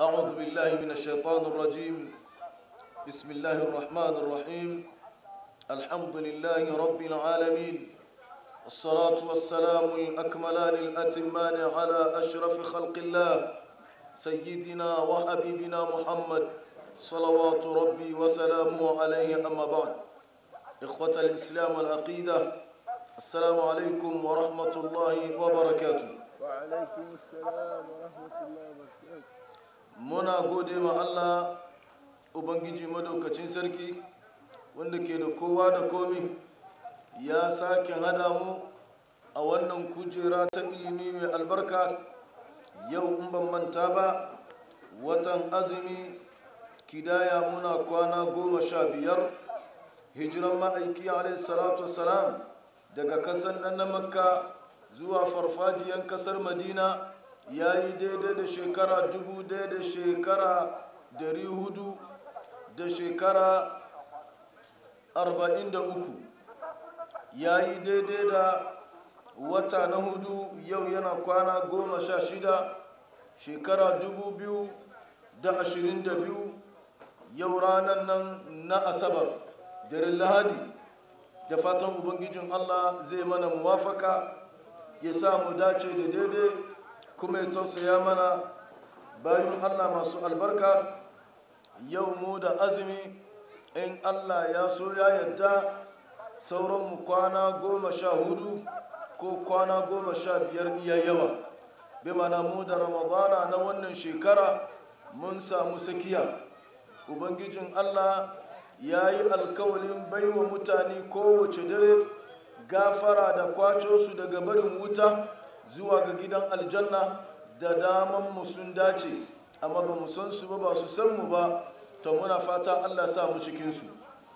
أعوذ بالله من الشيطان الرجيم بسم الله الرحمن الرحيم الحمد لله رب العالمين والصلاة والسلام الأكملان الأتمان على أشرف خلق الله سيدنا وحبيبنا محمد صلوات ربي وسلامه عليه أما بعد إخوة الإسلام والعقيدة السلام عليكم ورحمة الله وبركاته وعليكم السلام ورحمة الله وبركاته muna gode ma allah ubangiji madaukacin sarki wanda ke da kowa da komi ya sake hada mu a wannan kujera ta ilimi mai albarka yau in banbanta ba watan azumi kidaya muna kwana goma sha biyar hijiran ma'aiki salatu salam daga kasar nan na makka zuwa farfajiyan kasar madina ya yi daidai da shekara dubu daya da shekara dari hudu da shekara arba'in da uku ya yi daidai da wata na hudu yau yana kwana goma sha shida shekara dubu biyu da ashirin da biyu yau ranar nan na asabar daren lahadi da fatan ubangijin allah zai mana muwafaka ya sa mu dace da daidai kuma ya tausaya mana bayan allah masu albarka yau mu da azumi in allah ya so ya yadda sauranmu kwana goma sha hudu ko kwana goma sha biyar iya yawa bi mu da ramadana na wannan shekara mun samu sakiya ubangijin allah ya yi alkawalin baiwa mutane kowace dare gafara da kwaco su daga barin wuta zuwa ga gidan aljanna da daman mu sun dace amma ba san su ba ba su san mu ba ta muna fata Allah sa mu cikin su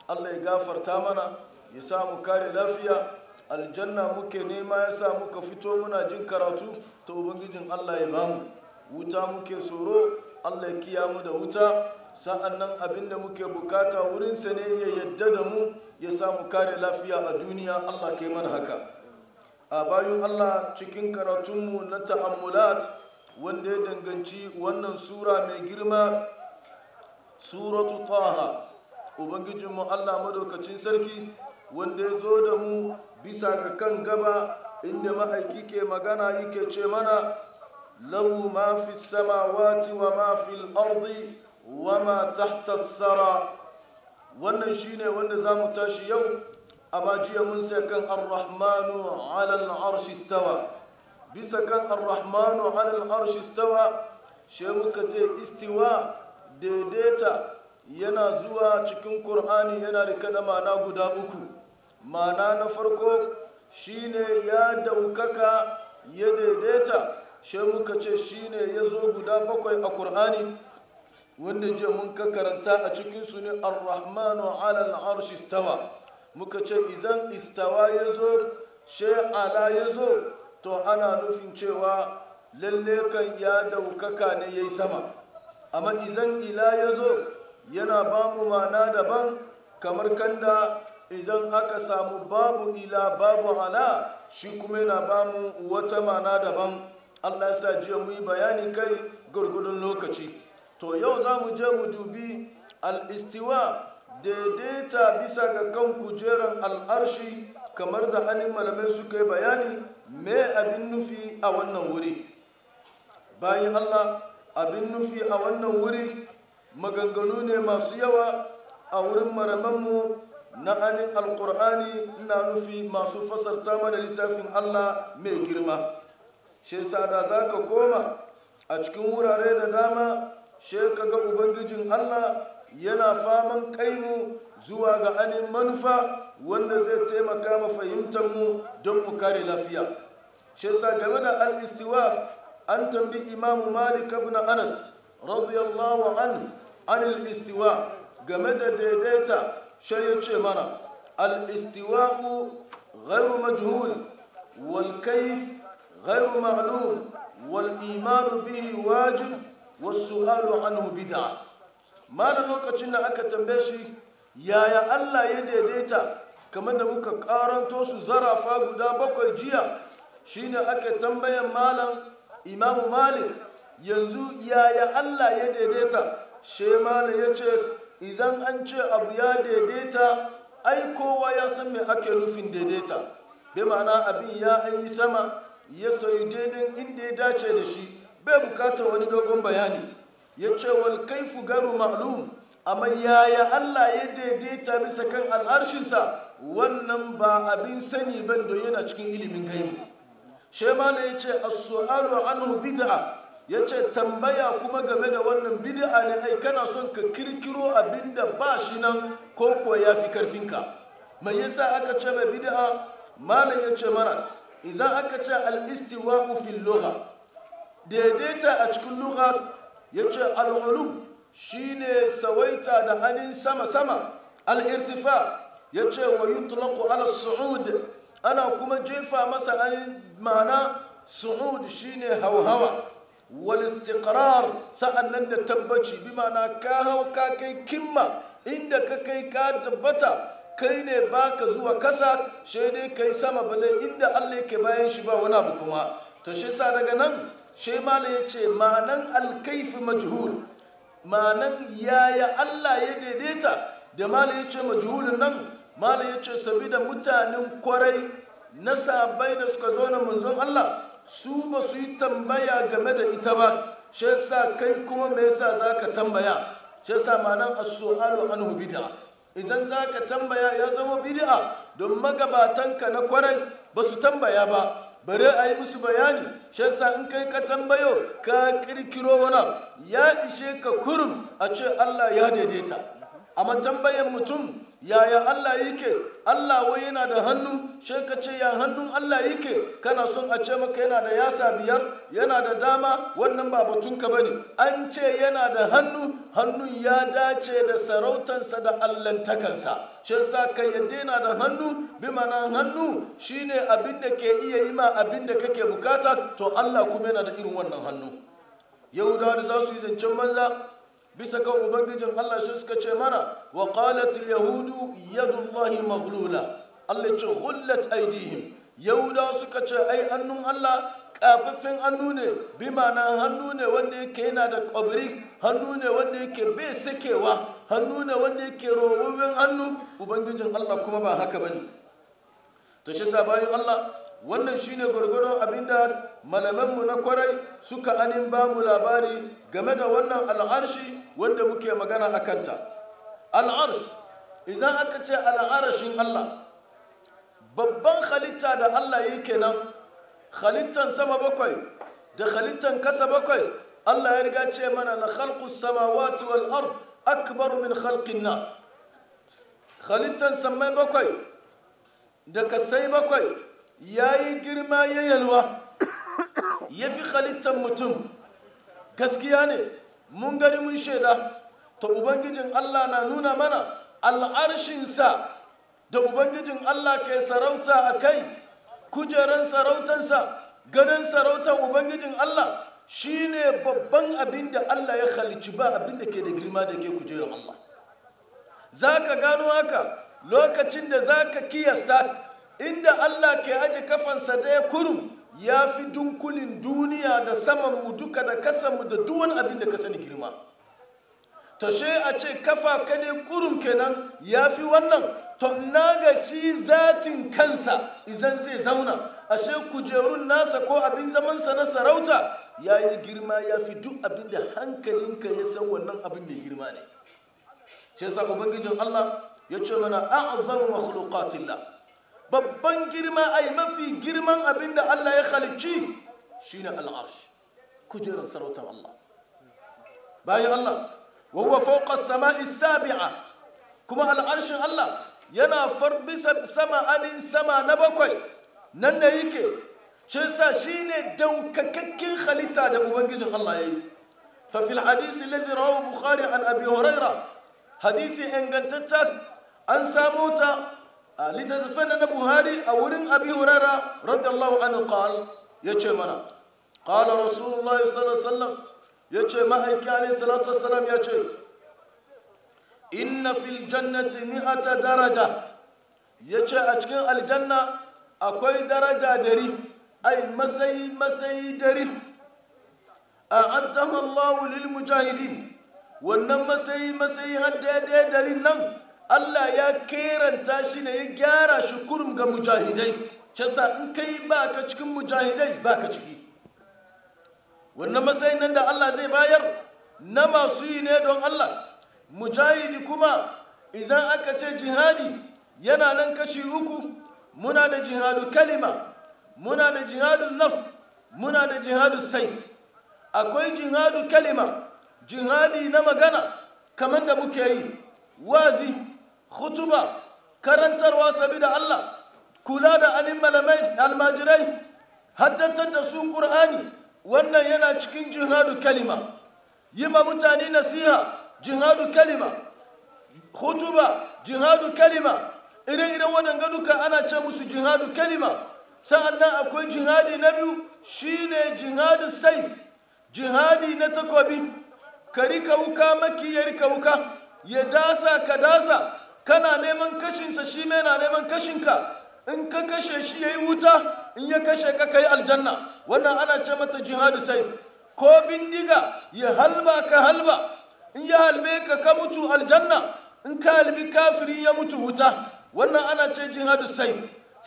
Allah ya gafarta mana ya sa mu kare lafiya aljanna muke nema ya sa muka fito muna jin karatu ta ubangijin Allah ya bamu wuta muke tsoro Allah ya kiyamu da wuta sa'annan abinda muke bukata wurinsa ne ya yadda da mu ya sa mu kare lafiya a duniya Allah ke mana haka a bayan allah cikin karatunmu na ta'ammulat wanda ya danganci wannan sura mai girma suratu taha ubangijinmu allah madaukacin sarki wanda ya zo da mu bisa ga kan gaba inda ma'aiki ke magana yake ce mana lahu ma fi samawati wa ma fi ardi wa ma tahta wannan shine wanda za mu tashi yau jiya mun sai kan arrahmanu alal arshi stawa bisa kan arrahmanu alal arshi stawa shi muka ce istiwa daidaita yana zuwa cikin ƙur'ani yana da ma'ana mana guda uku mana na farko shine ya daukaka ya daidaita shi muka ce shine ya zo guda bakwai a Kur'ani. wanda je mun ka karanta a cikinsu ne arrahmanu alal arshi stawa muka ce izan istawa ya zo ala ya zo to ana nufin cewa lalle kan ya daukaka ne ya yi sama amma izan ila ya zo yana ba mu mana daban kamar kanda izan aka samu babu ila babu ala shi kuma yana ba mu wata mana daban allah sa jiya mu yi bayani kai gurgudun lokaci to yau za mu je mu dubi al-istiwa daidaita bisa ga kan kujeran al'arshi kamar da hannun malamai suka yi bayani me abin nufi a wannan wuri bayan allah abin nufi a wannan wuri maganganu ne masu yawa a wurin maramanmu na anin alkur'ani na nufi masu fasarta mana littafin allah mai girma shi sada za ka koma a cikin wurare da dama shi ga ubangijin allah yana faman kaimu zuwa ga anin manufa wanda zai taimaka mu fahimtar mu don mu kare lafiya shi yasa game da al-istiwa an tambi imamu malik ibn anas radiyallahu an an al-istiwa game da daidaita shi ya ce mana al istiwa ghairu majhul wal kayf ghairu ma'lum wal iman bihi wajib was su'alu anhu bid'ah malam lokacin da aka tambaye shi yaya Allah ya daidaita kamar da muka karanto su zarafa guda bakwai jiya shine aka tambayan malam imamu malik yanzu yaya Allah ya daidaita she malam ya ce idan an ce abu ya daidaita ai kowa ya san me ake nufin daidaita bai ma'ana abin ya an yi sama ya soyi daidai inda ya dace da shi bai bukata wani dogon bayani ya ce wal kaifu garu ma'lum amma yaya Allah ya daidaita bisa kan al'arshinsa wannan ba abin sani ban don yana cikin ilimin gaibu shemala ya ce as-su'alu anhu bid'a ya ce tambaya kuma game da wannan bid'a ne ai kana son ka kirkiro abinda ba shi nan ko ko ya fi karfinka mai yasa aka ce mai bid'a malam ya ce mana idan aka ce al-istiwa'u fil lugha daidaita a cikin lugha ya ce al'ulu shi ne sawaita da hannun sama-sama al'irtifa ya ce wa yi tulaku ala su'ud ana kuma jefa masa hannun mana su'ud shi ne hauhawa walistiqrar sa'annan da tabbaci bi mana ka hau ka kai kimma inda ka kai ka tabbata kai ne baka zuwa kasa shaidai kai sama balai inda allah ke bayan shi ba wani abu kuma to shi sa daga nan shi malam ya ce ma'anan alkaifi majhul ma'anan yaya Allah ya daidaita da malam ya ce majhulun nan malam ya ce sabida mutanen kwarai na sabai da suka zo na munzon Allah su ba su yi tambaya game da ita ba shi sa kai kuma me yasa ka tambaya shi yasa ma'anan as an anhu bid'a idan za ka tambaya ya zama bid'a don magabatanka na kwarai ba su tambaya ba bari a yi musu bayani shasa in kai ka tambayo ka kirkiro wani ya ishe ka kurum a ce Allah ya daidaita amma tambayan mutum yaya Allah yake Allah wai yana da hannu she ka ce ya hannun Allah yake kana son a ce maka yana da yasa biyar yana da dama wannan ba batun ka bane an ce yana da hannu hannun ya dace da sarautansa da allantakansa shin sa ka yadda yana da hannu bi mana hannu shine abin da ke iya yi ma abin da kake bukata to Allah kuma yana da irin wannan hannu yahudawa da za su yi zancen banza bisa kan ubangijin Allah shi suka ce mana wa qalatil yahudu yadullahi maghlula Allah ce hullat aidihim yahuda suka ce ai annun Allah kafaffin hannu ne bi ma'ana hannu ne wanda yake yana da kwabri hannu ne wanda yake bai sakewa hannu ne wanda yake rowowin hannu ubangijin Allah kuma ba haka bane to shi sa bayan Allah wannan shine gwargwadon abinda malamanmu na kwarai suka anin ba mu labari game da wannan al'arshi wanda muke magana a kanta al'arsh idan aka ce al'arashin allah babban halitta da allah yi kenan halittan sama bakwai da halittan kasa bakwai allah ya riga ce mana na khalqus samawati wal ard akbar min khalqin nas halittan sammai bakwai da kasai bakwai ya yi girma ya yalwa ya fi halittar mutum gaskiya ne mun gani mun shaida ta ubangijin allah na nuna mana al'arshinsa da ubangijin allah ke sarauta a kai kujeran sarautansa gadon sarautar ubangijin allah shi ne babban abin da allah ya halici ba abin da ke da girma da ke kujerar allah za ka gano haka lokacin da za ka kiyasta inda Allah ke aje kafansa daya kurum ya fi dunkulin duniya da saman mu duka da mu da duwan abin da ka sani girma to she a ce kafa kadai kurum kenan ya fi wannan to na ga shi zatin kansa izan zai zauna ashe kujerun nasa ko abin zamansa na sarauta ya yi girma ya fi duk abin da hankalinka ya san wannan abin mai girma ne shi yasa ubangijin Allah ya ce mana a'zamu makhluqatillah babban girma ai mafi girman abin da Allah ya halicci ne al'arshi kujerar sarautar Allah bayan Allah wawa fauka sama'i sabi'a kuma al'arshin Allah yana farbisa sama anin sama na bakwai nan da yake shi sa shi ne daukakakken halitta da ubangijin Allah ya yi fafil hadisi lalzi rawu bukhari an abi huraira hadisi ingantattar an samu ta littattafan na buhari a wurin abi hurara radiyallahu anhu qal yace mana qala rasulullahi sallallahu alaihi wasallam yace ma'aiki alaihi salatu wassalam yace inna fil jannati mi'ata daraja yace a cikin aljanna akwai daraja dari ai masai masai dari a'addahu Allahu lil mujahidin wannan masai masai har daidai dari nan Allah ya keranta shi ne ya gyara shi kurum ga mujahidai shasa in kai ba ka cikin mujahidai ba ka ciki wannan matsayin nan da Allah zai bayar na masu yi ne don Allah mujahidi kuma idan aka ce jihadi yana nan kashi uku muna da jihadu kalima muna da jihadu nafs muna da jihadu sai akwai jihadu kalima jihadi na magana kamar da muke yi wazi khutuba karantarwa sabida Allah kula da anin malamai almajirai haddatar da su qur'ani wannan yana cikin jihadu kalima yi ma mutane nasiha jihadu kalima hutuba jihadu kalima idan iren waɗanga duka ana ce musu jihadu kalima sa'annan akwai jihadi na biyu shine jihadu saif jihadi na takobi ka rika wuka maki ya rika wuka ya dasa ka dasa kana neman kashinsa shi mai na neman kashinka in ka kashe shi ya yi wuta in ya kashe ka kai aljanna wannan ana ce mata jihadu saif ko bindiga ya halba ka halba in ya halbe ka ka mutu aljanna in ka halbi kafiri ya mutu wuta wannan ana ce jihadu saif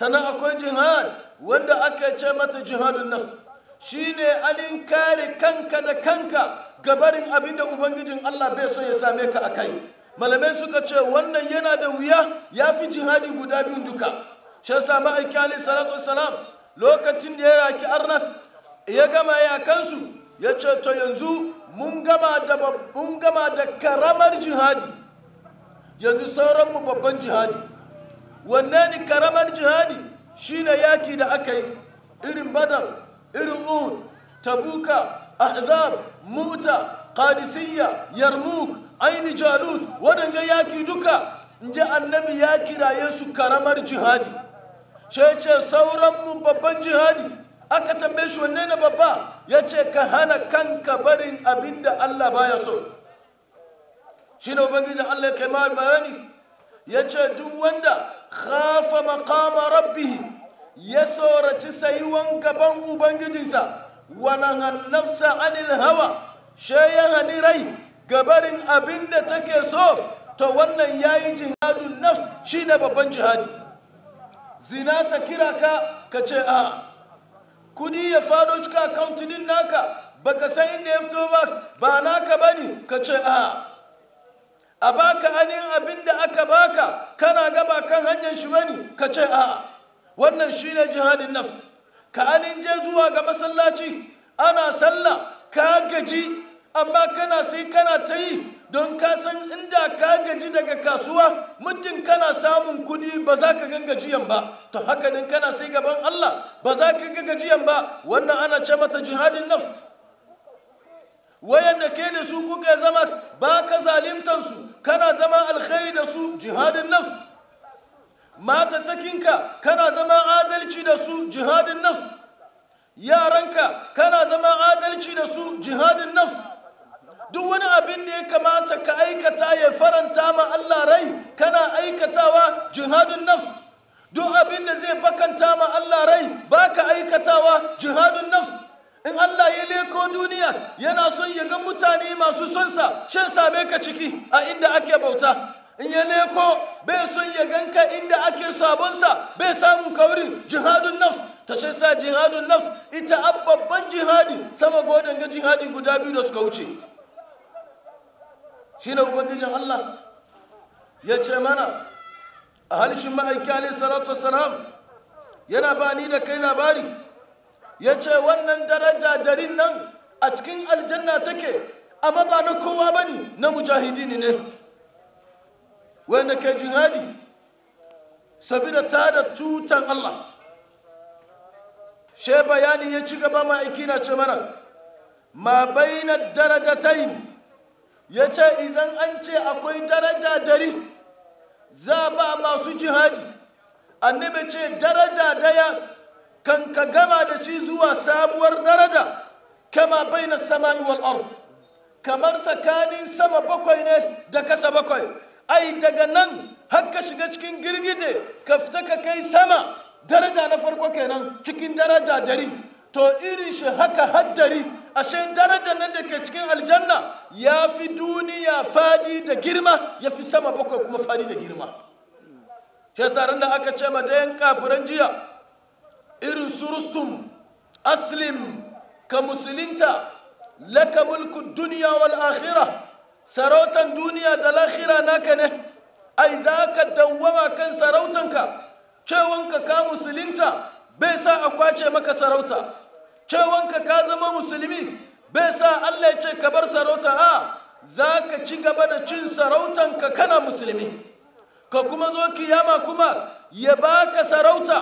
sannan akwai jihad wanda aka ce mata jihadun nafs shine alin kare kanka da kanka gabarin abinda ubangijin Allah bai so ya same ka a kai. malamai suka ce wannan yana da wuya ya fi jihadi guda biyun duka Shan yasa ma'aiki alaihi salatu salam lokacin da ya raki arna ya gama ya kansu ya ce to yanzu mun gama da gama da karamar jihadi yanzu sauran babban jihadi Wanne ne karamar jihadi shine yaki da aka yi irin badar irin uhud tabuka ahzab muta qadisiyya yarmuk aini jalut waɗanga yaki duka inji annabi ya kiraye su karamar jihadi sai ce sauranmu babban jihadi aka tambaye shi wanne na babba ya ce ka hana kanka barin abin da Allah baya so shi ne ubangiji Allah ya kai bayani ya ce duk wanda khafa maqama rabbihi ya soraci sayuwan gaban ubangijinsa wa nafsa anil hawa she ya hani rai gabarin abin da take so to wannan ya yi jihadun nafs shi ne babban jihadi zina ta kira ka ka ce a kudi ya faɗo cika kauntinin naka baka san inda ya fito ba ba naka ba ne ka ce a a baka anin abin da aka baka kana gaba kan hanyar shi bane ka ce a wannan shi ne jihadin nafs ka anin je zuwa ga masallaci ana sallah ka gaji amma kana sai kana ta yi don ka san inda ka gaji daga kasuwa muddin kana samun kudi ba za ka gan gajiyan ba to haka nan kana sai gaban Allah ba za ka ga gajiyan ba wannan ana ce mata jihadin nafs wayanda ke da su kuka zama ba ka zalimtansu kana zama alkhairi da su jihadin nafs matatakinka kana zama adalci da su jihadin nafs yaranka kana zama adalci da su jihadin nafs duk wani abin da ya kamata ka aikata ya faranta ma Allah rai kana aikatawa jihadun nafs duk abin da zai bakanta ma Allah rai baka aikatawa jihadun nafs in Allah ya leko duniya yana son ya ga mutane masu son sa shan same ka ciki a inda ake bauta in ya leko bai son ya ganka inda ake sabon sa bai samun kaurin jihadun nafs ta sa jihadun nafs ita babban jihadi sama godan ga jihadi guda biyu da suka wuce shi ne ubangijin allah ya ce mana a halishin ma'aiki salatu salam, yana ba ni da kai labari ya ce wannan daraja darin nan a cikin aljanna take amma ba na kowa ba ne na mujahidini ne wanda ke jihadi sabida ta da tutan allah she bayani ya ci gaba ma'aiki na ce mana ma bai na darajatayin ya ce izan an ce akwai daraja dari za ba masu jihadi annabi ce daraja daya kan ka gama da shi zuwa sabuwar daraja kama na samani wal ard kamar tsakanin sama bakwai ne da kasa bakwai ai daga nan har ka shiga cikin girgije ka fita ka kai sama daraja na farko kenan cikin daraja dari to irin shi haka haddari ashe darajar nan da ke cikin aljanna ya fi duniya fadi da girma ya fi sama bakwai kuma fadi da girma shi yasa da aka ce madayan kafiran jiya irin su rustum aslim ka musulinta laka mulku duniya wal akhira sarautan duniya da lahira naka ne ai za ka dawwama kan sarautanka cewanka ka musulinta bai sa a kwace maka sarauta cewanka ka zama musulmi bai sa Allah ya ce ka bar sarauta a za ka ci gaba da cin sarautanka kana musulmi ka kuma zo kiyama kuma ya baka sarauta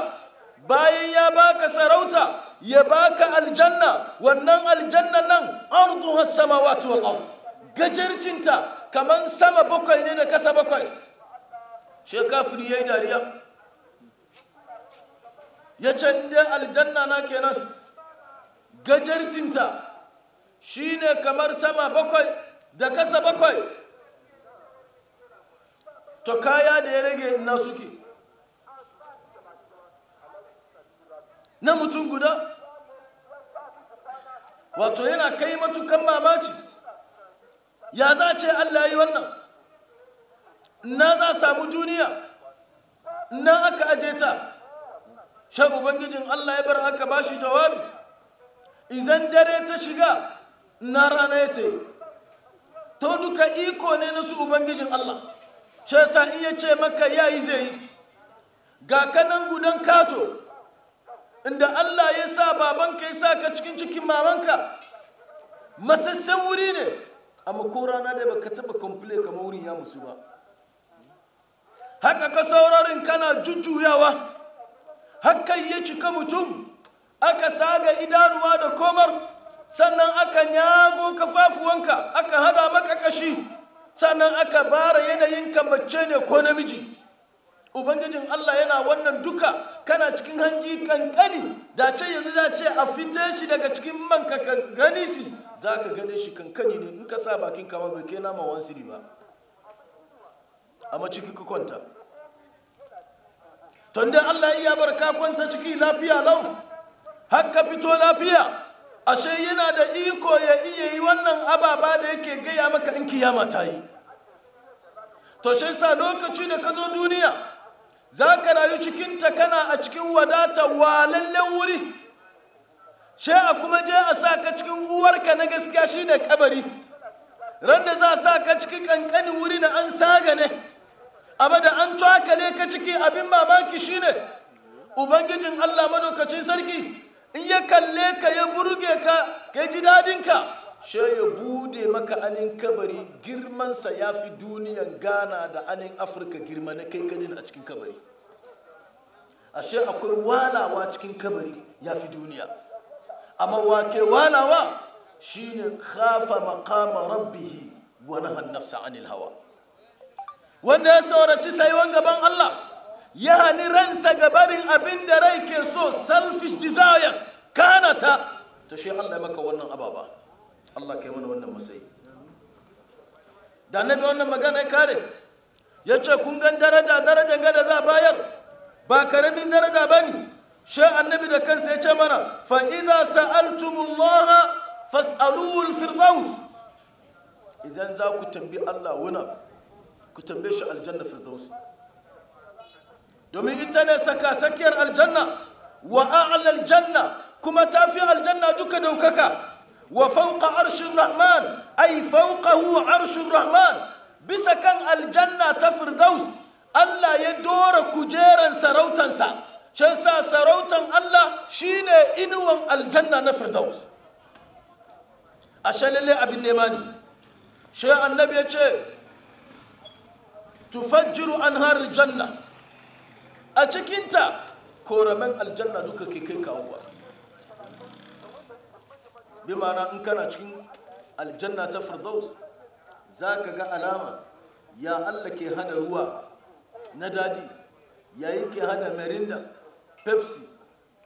bayan ya baka sarauta ya baka aljanna wannan aljanna nan har samawati wal ard gajercinta kaman sama bakwai ne da kasa bakwai she kafiri yayi dariya yace inda aljanna na kenan shi ne kamar sama bakwai da kasa bakwai to kaya da ya rage na suke na mutum guda wato yana kai matukan mamaci ya za ce allah yi wannan na za samu duniya na aka aje ta shan ubangijin allah ya bar aka bashi jawabi izan dare ta shiga na rana ya ce ta duka iko ne na su ubangijin Allah shi sa iya ce maka ya yi zai yi ga kanan gudan kato inda Allah ya sa babanka ya sa ka cikin cikin mamanka masassan wuri ne amma ko rana da baka taba komple kamar wurin ya musu ba haka ka saurarin kana jujjuyawa hakan ya cika mutum aka saga idanuwa da komar sannan aka nyago kafafuwanka aka hada maka kashi sannan aka bara yanayinka mace ne ko namiji ubangijin Allah yana wannan duka kana cikin hanji kankani da ce yanzu za ce a fite shi daga cikin man ka gani shi za ka gane shi kankani ne in ka sa bakin kama bai kai nama siri ba amma ciki ka kwanta tunda Allah ya barka kwanta ciki lafiya lau har ka fito lafiya ashe yana da iko ya iya yi wannan ababa da yake gaya maka in kiyama ta yi to shi sa lokaci da ka zo duniya za ka rayu cikinta kana a cikin wadata walallen wuri shi a kuma je a sa ka cikin uwarka na gaskiya shine kabari Randa za a sa ka cikin kankanin wuri na an saga ne abu da an cakale ka ciki abin mamaki shine ubangijin allah madaukacin sarki in ya kalle ka ya burge ka ka ji dadinka sai ya bude maka anin kabari girmansa ya fi duniyan ghana da anin afirka girma na kai kadin a cikin kabari ashe akwai walawa cikin kabari ya fi duniya amma wake walawa shine khafa maqama rabbihi wa nahan nafsa anil hawa wanda ya sauraci saiwan gaban Allah ya hani ransa ga barin abin da rai ke so selfish desires kanata ta shi Allah maka wannan ababa Allah ke mana wannan matsayi da annabi wannan magana kare ya ce kun gan daraja daraja gada za a bayar ba karamin daraja ba ne shi annabi da kansa ya ce mana fa idza sa'altumullaha fas'aluhu al-firdaus idan za ku tambi Allah wuna ku tambaye shi aljanna firdaus domin ita ne sakasakiyar aljanna wa a'lal janna kuma ta fi aljanna duka daukaka wa fawqa arshin rahman ay fauqahu arshin rahman bisa kan aljanna ta firdaus Allah ya dora kujeran sarautansa shan sa sarautan Allah shine inuwan aljanna na firdaus a shalalle abin nema ne shi annabi ya ce tufajjiru anhar janna a cikinta koramen aljanna duka ke kai kawowa bi ma'ana in kana cikin aljanna ta firdaus za ka ga alama ya allah ke hada ruwa na dadi yayi ke hada merinda pepsi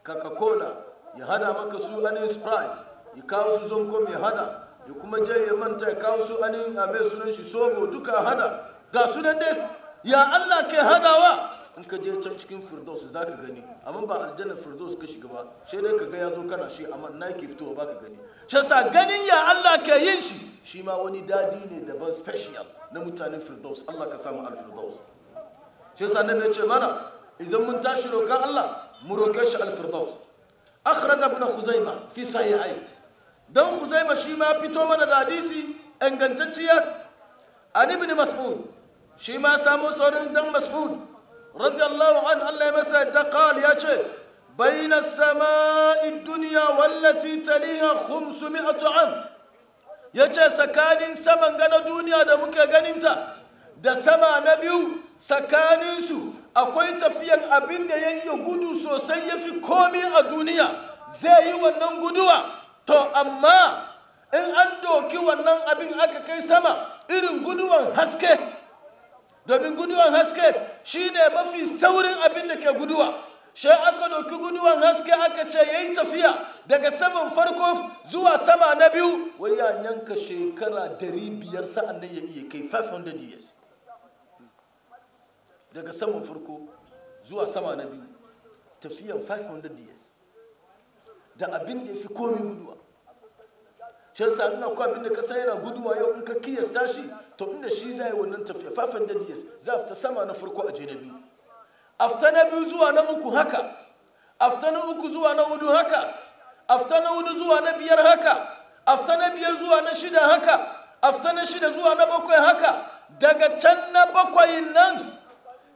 coca-cola ya hada maka su anin sprite ya kawo su zonkom ya hada ya kuma je ya manta ya kawo su anin a sunan shi sobo duka hada ga sunan dai ya allah ke hadawa in ka je can cikin firdaus za ka gani amma ba aljannar firdaus ka shiga ba sai dai ka ga ya zo kana shi amma na ke fitowa ba ka gani shi sa ganin ya Allah ke yin shi shi ma wani dadi ne daban special na mutanen firdaus Allah ka samu alfirdaus shi sa na ce mana idan mun tashi roƙon Allah mu roƙe shi alfirdaus akhraja ibn khuzaima fi sahihai dan khuzaima shi ma fito mana da hadisi ingantacciyar, an ibn mas'ud shi ma samu saurin dan mas'ud radiyallahu an Allah ya masa yadda qal ya ce bayna sama'i dunya wallati taliha 500 am ya ce tsakanin saman gana duniya da muke ganinta da sama na biyu tsakaninsu akwai tafiyan abin da ya iya gudu sosai ya fi komi a duniya zai yi wannan guduwa to amma in an doki wannan abin aka kai sama irin guduwan haske domin guduwan haske shine mafi saurin abin da ke guduwa shi aka doki guduwan haske aka ce ya yi tafiya daga saman farko zuwa sama na biyu wai ya yanka shekara 500 sa'an nan ya iya kai 500 years daga saman farko zuwa sama na biyu tafiyan 500 years da abin da ya fi komi guduwa shi yasa ina ko abin da ka yana guduwa yau in ka kiyasta shi to inda shi za yi wannan tafiya fafan da diyas za fita sama na farko a je na biyu afta na biyu zuwa na uku haka afta na uku zuwa na hudu haka afta na hudu zuwa na biyar haka afta na biyar zuwa na shida haka afta na shida zuwa na bakwai haka daga can na bakwai nan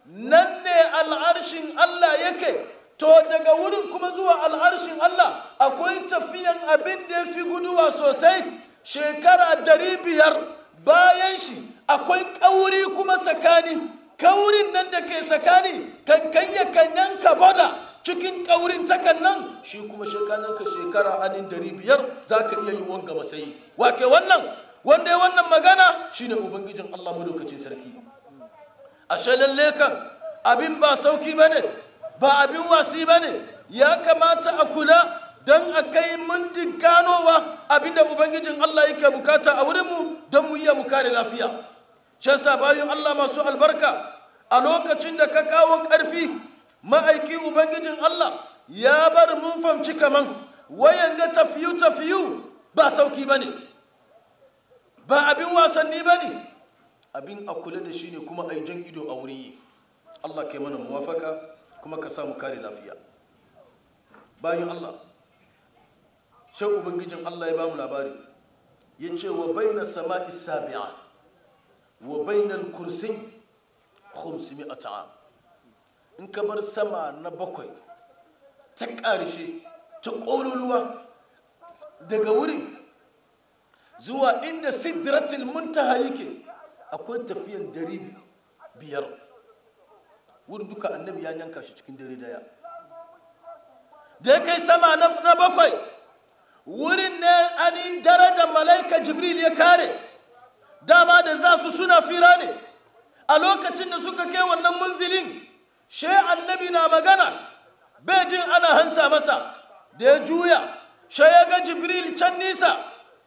nan ne al'arshin Allah yake to daga wurin kuma zuwa al'arshin Allah akwai tafiyan abin da ya fi guduwa sosai shekara dari biyar bayan shi akwai kauri kuma tsakani kaurin nan da ke tsakani kan kayyakan yanka boda cikin kaurin takan nan shi kuma ka shekara anin dari biyar za ka iya yi wanga masayi wake wannan wanda ya wannan magana Shi shine ubangijin Allah madaukacin sarki A shalin kan abin ba sauki ba ne. ba abin wasi ba ne ya kamata a kula don a kai mun ganowa abinda ubangijin Allah yake bukata a wurinmu don mu iya mu kare lafiya shansa bayan Allah masu albarka a lokacin da ka kawo ƙarfi ma'aiki ubangijin Allah ya bar mun famci kaman wayan ga tafiyu tafiyu ba sauki ba ne ba abin wasanni ba ne abin a kula da shi ne kuma a yi jan ido a wuri Allah kai mana muwafaka kuma ka samu kare lafiya bayan Allah shan ubangijin Allah ya ba mu labari ya ce wa baina sama'i sabi'a wa bainal kursi a ta'a in ka bar sama na bakwai ta ƙarshe ta ƙololuwa daga wurin zuwa inda sidratul muntaha yake akwai tafiyan dari biyar wurin duka annabi ya yanka shi cikin dare daya da ya kai sama na bakwai wurin ne anin darajar malaika jibril ya kare dama da za su suna fira ne a lokacin da suka kai wannan munzilin she annabi na magana bejin ana hansa masa da ya juya she ya ga jibril can nisa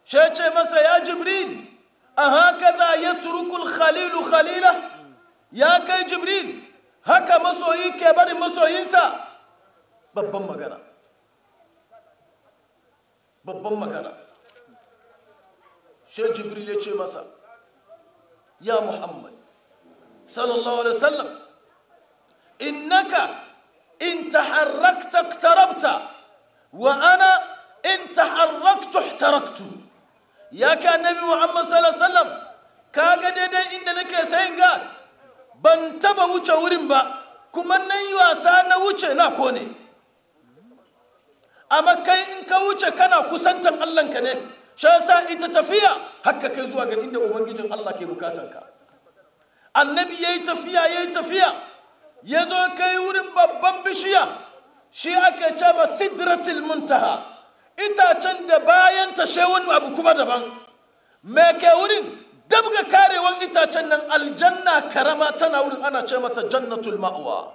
she ce masa ya jibril a haka za ya turukul khalilu khalila ya kai jibril haka masoyi ke barin masoyinsa babban magana babban magana shi jibril ya ce masa ya muhammad sallallahu alaihi wasallam innaka in taharrakta iktarabta wa ana in taharraktu ihtaraktu ya ka annabi muhammad sallallahu alaihi wasallam kaga daidai inda nake sayin ga ban taba wuce wurin ba kuma nan yi wasa na wuce na kone amma kai in ka wuce kana kusantan allahnka ne shi yasa ita tafiya haka kai zuwa ga inda ubangijin allah ke bukatan ka annabi ya yi tafiya ya yi tafiya ya zo kai wurin babban bishiya shi aka ce ma sidratil muntaha itacen da bayan ta wani abu kuma daban me ke wurin macen nan aljanna karama tana wurin ana ce mata jannatul ma'wa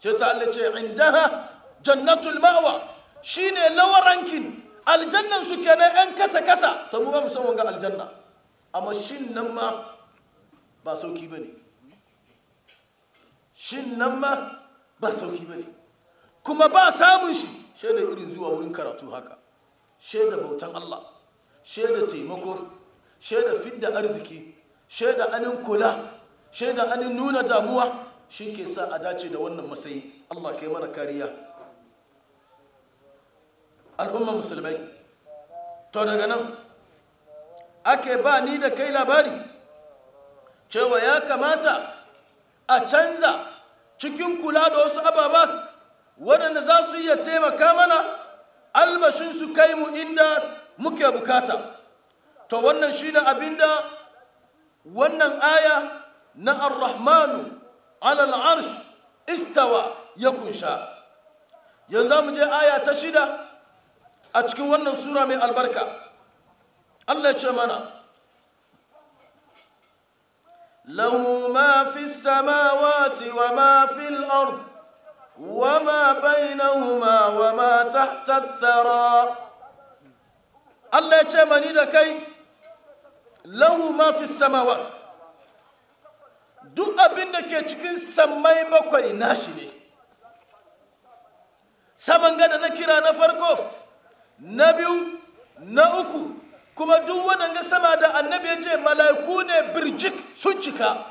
ce sa Allah ce indaha jannatul ma'wa shine lawarankin aljannan su kenan yan kasa kasa ta mu ba mu san wanga aljanna amma shin nan ma ba sauki bane shin nan ma ba sauki bane kuma ba samun shi shaida irin zuwa wurin karatu haka shaida bautan Allah shaida taimako shaida fidda arziki shaida anin kula shaida anin nuna damuwa shi ke sa a dace da wannan masai allah ka yi mana kariya al'umma musulmai to daga nan ake ba ni da kai labari cewa ya kamata a canza cikin kula da wasu ababa waɗanda za su iya taimaka mana albashin su kai mu inda muke bukata to wannan shi ne abinda wannan aya na ar-rahmanu alal arsh istawa ya kunsha yanzu mu je aya ta shida a cikin wannan sura mai albarka Allah ya ce mana له ما في السماوات وما في الأرض وما بينهما وما تحت ce mani da kai. lahu ma fi samawat duk abin da ke cikin sammai bakwai nashi ne saman gada na kira na farko na biyu na uku kuma duk waɗanga sama da annabi ya je mala'iku ne birjik sun cika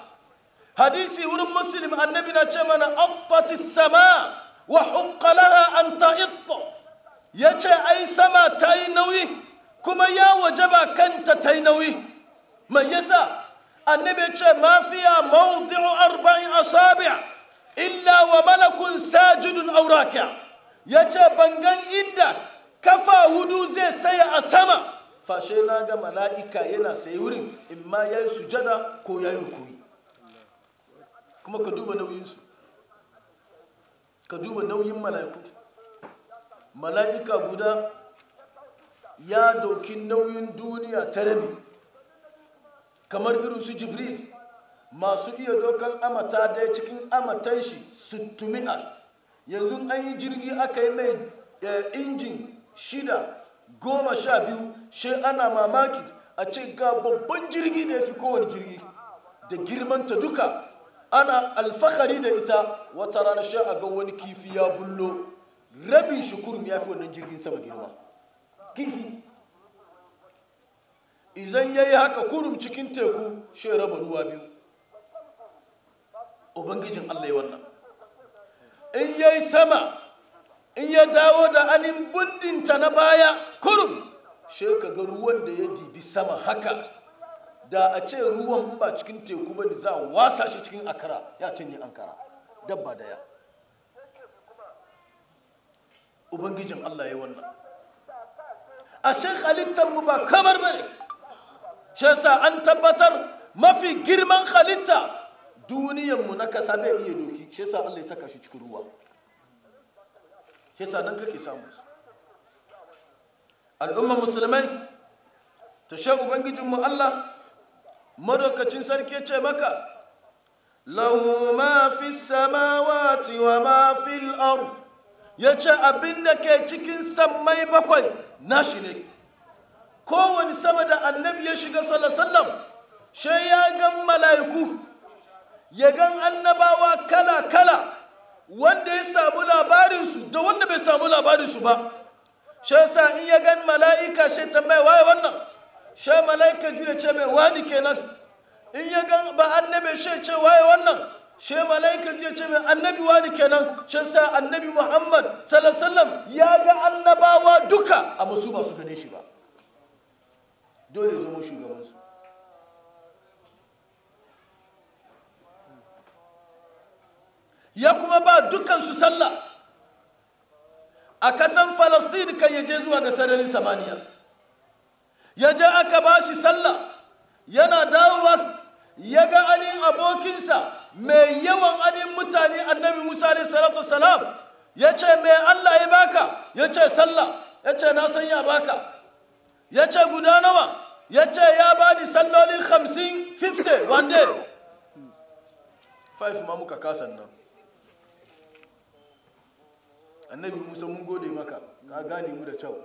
hadisi wurin muslim annabi na ce mana abbati sama wa hukkalaha an ta'itto ya ce ai sama ta yi nauyi kuma ya wajaba kanta ta yi nauyi mai yasa annabi ce mafiya mawdi'u arba'in asabi' illa wa malakun sajidun auraka ya ce bangan inda kafa hudu zai saya a sama fashe na ga mala'ika yana sayi wurin in ma ya yi sujada ko ya rukuyi kuma ka duba ka duba nauyin mala'iku mala'ika guda ya doki nauyin duniya ta rabi kamar irin su jibril masu iya dokan amata dai cikin amatan shi suttumi'a yanzu an yi jirgi aka yi mai eh, injin shida goma sha biyu shi ana mamaki a ce ga babban jirgi da ya fi kowane jirgi da girmanta duka ana alfahari da ita wata rana sha a ga wani kifi ya bullo rabin shukurum ya fi wannan jirgin sama girma kifi izan ya yi haka kurum cikin teku shi raba ruwa biyu ubangijin allah wannan in ya yi sama in ya dawo da anin bundinta na baya kurum shi ga ruwan da ya dibi sama haka da a ce ruwan ba cikin teku ba ne za a wasa shi cikin akara ya cinye ankara dabba daya ubangijin allah wannan a shekhalittar halittar mu ba kamar bane shi an tabbatar mafi girman halitta duniyanmu na kasa bai iya doki shi yasa saka shi cikin ruwa shi nan kake samu su al'umma musulmai ta sha ubangijinmu Allah madaukacin sarki ce maka lahu ma fi samawati wa ma fil ard yace abinda ke cikin sammai bakwai shi ne kowane sama da annabi ya shiga sallasallam she ya gan mala'iku ya gan annabawa kala-kala wanda ya samu labarinsu da wanda bai samu labarinsu ba she sa in ya gan mala'ika she tambaya waye wannan she mala'ika juya ce mai wani kenan in ya gan ba annabi she ce waye wannan she mala'ika juya ce mai annabi wani kenan she sa annabi muhammad sallallahu ya ga annabawa duka a masu ba su gane shi ba dole ya zama shugabansu ya kuma ba dukansu sallah a kasan falastin kan yaje zuwa ga sararin samaniya ya je aka ba shi sallah yana dawowa ya ga anin abokinsa mai yawan anin mutane annabi musa ne salatu salam ya ce mai allah ya baka ya ce sallah ya ce na sanya baka ya ce guda nawa ya ce ya ba ni salloli hamsin 50 one day five ma muka kasan nan annabi musa mun gode maka ka gane mu da kyau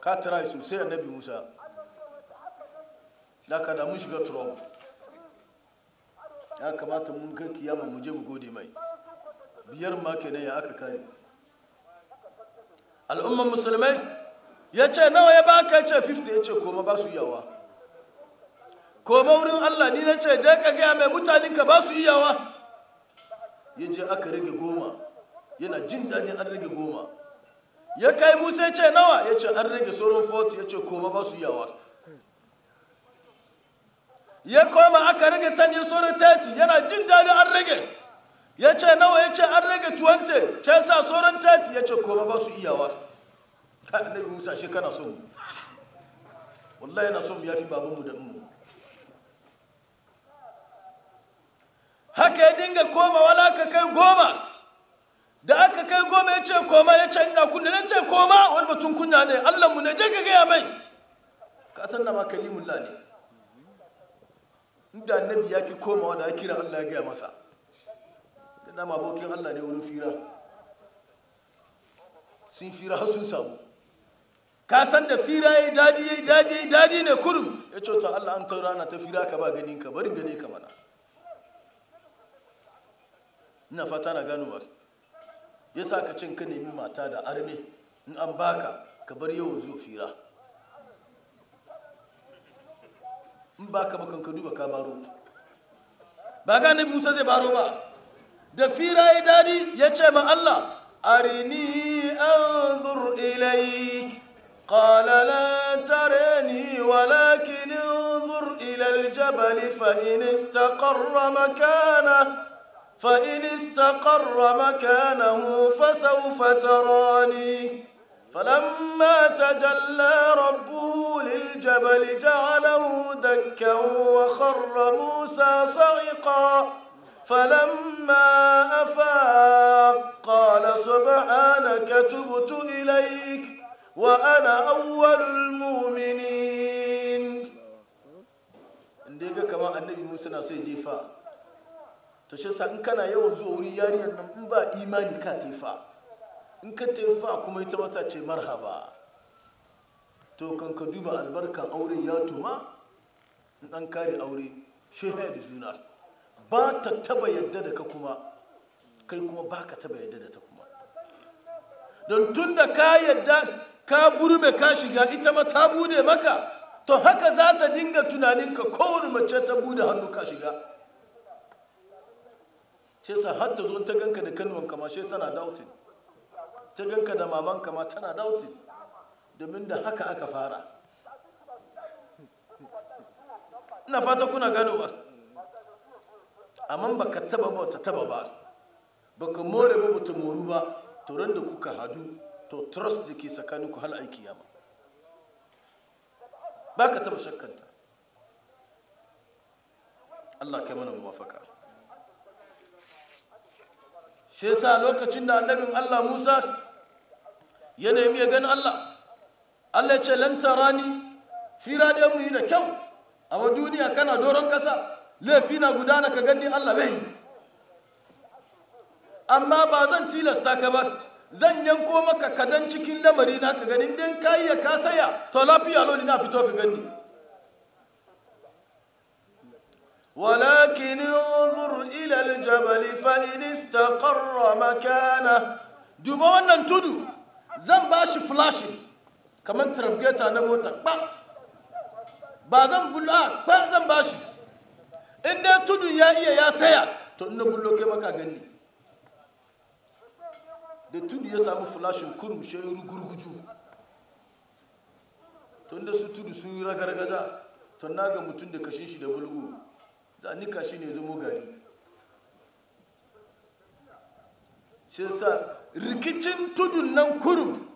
ka try sosai annabi musa da ka da mun shiga trouble ya kamata mun kai kiyama mu je mu gode mai biyar ma kenan ya aka kare al'umman musulmai ya ce nawa ya ba ya ce 50 ya ce koma ba su iyawa koma wurin allah ni na ce dai ka gaya mai mutanen ka ba su iyawa ya je aka rage goma yana jin daɗin an rage goma ya kai musa ya ce nawa ya ce an rage sauran 40 ya ce koma ba su iyawa ya koma aka rage tan ya sauran 30 yana jin daɗin an rage ya ce nawa ya ce an rage 20 shi sa sauran 30 ya ce koma ba su iyawa ka annabi musa shi kana so mu wallahi yana so mu ya fi mu da mu haka ya dinga koma wala ka kai goma da aka kai goma ya ce koma ya ce ina kunna na ce koma wani batun kunya ne allah mu ne je ka gaya mai ka san na ma kalimullah ne inda annabi ya ki komawa da ya kira allah ya gaya masa da dama abokin allah ne wurin fira sun fira har sun samu ka san da fira ya yi dadi ya yi dadi ya yi dadi ne kurum ya ce allah an taura na ta fira ka ba ganin ka barin gane ka mana ina fata na ganowa ya sa ka cin ka nemi mata da arme in an baka ka bar yawan zuwa fira in baka bakan ka duba ka baro ba gane musa zai baro ba da firaye dadi ya الله أرني أنظر إليك قال لا تريني ولكن انظر إلى الجبل فإن استقر مكانه فإن استقر مكانه فسوف تراني فلما تجلى ربه للجبل جعله دكا وخر موسى صعقا فلما أفاق قال سبحانك تبت إليك وأنا أول المؤمنين ndega kama annabi Musa na so je fa to shi sa in kana yawan zuwa wuri yariyar nan in ba imani ka tefa in ka tefa kuma ita mata ce marhaba to kan ka duba albarkan aure ya tuma in an kare aure shehe da juna ba ta taba yadda da ka kuma kai kuma ba ka taba yadda da ta kuma don tun da ka yadda ka burme ka shiga ita ma ta bude maka to haka za ta dinga tunaninka kowane mace ta bude hannu ka shiga ce sa har ta zo ta ganka da kanuwan ma shi tana dautin ta ganka da mamanka ma tana dautin domin da haka aka fara ina fata kuna gano ba amma ba ka taba ba ta taba ba ba ka more ba ta moru ba to ran da kuka hadu to trust da ke tsakanin ku hal aiki ya ba ka taba shakkanta Allah kai mana muwafaka shi yasa lokacin da annabin Allah Musa ya nemi ya gani Allah Allah ya ce lan tarani fira da mu yi da kyau a duniya kana doron kasa laifi na gudana ka gani Allah bai amma ba zan tilasta ka ba zan yanko maka kadan cikin lamari na ka gani din kai ya ka saya to lafiya loli na fito ka gani ولكن انظر إلى الجبل فإن استقر مكانه duba wannan tudu zan ba shi kamar trafgeta na mota ba ba zan gulla ba zan ba shi in dai tudu ya iya ya saya to ina bullo kai baka ganni da tudu ya samu flashin kurum shi ya to inda su tudu sun yi ragargaza to na ga mutum da kashin shi da bulgu zani kashi ne zama gari shi sa rikicin tudun nan kurum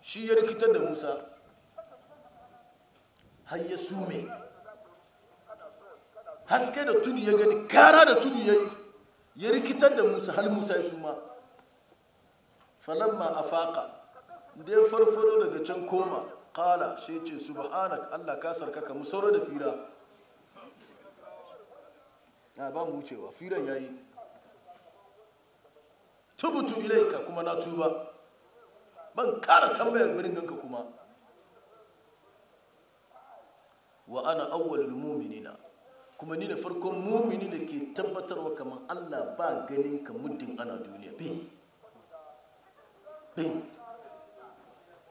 shi ya rikitar da musa har ya sume haske da tudu ya gani kara da tudu ya yi ya rikitar da musa hal musa ya suma falamma afaka da ya farfado daga can koma kala shi ce subhanak allah ka kaka mu saura da fira na ah, ba mu wucewa firan ya yi tubutu ilaika kuma na tuba ban kara tambayar birin ganka kuma wa ana awwalul mu'minina kuma ni da farkon mumini da ke tabbatarwa kamar allah ba ganin ka muddin ana duniya bin bin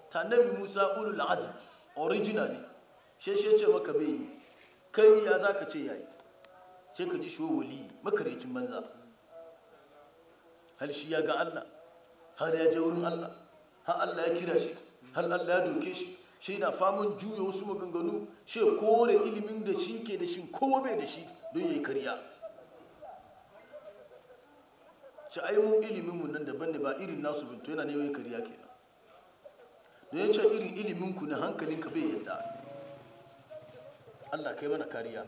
ta nabi musa ulul azim original ne sheshe ce maka yi, kai ya za ka ce yayi sai ka ji showali makarecin banza hal shi ya ga allah har ya je wurin allah har allah ya kira shi har allah ya doke shi shi na faman juya wasu maganganu shi kore ilimin da shi ke da shi kowa bai da shi don ya yi karya shi ai mun ilimin mu nan daban ne ba irin nasu binto yana yi karya kenan da ya ce irin ilimin ku na hankalinka bai yadda Allah kai mana kariya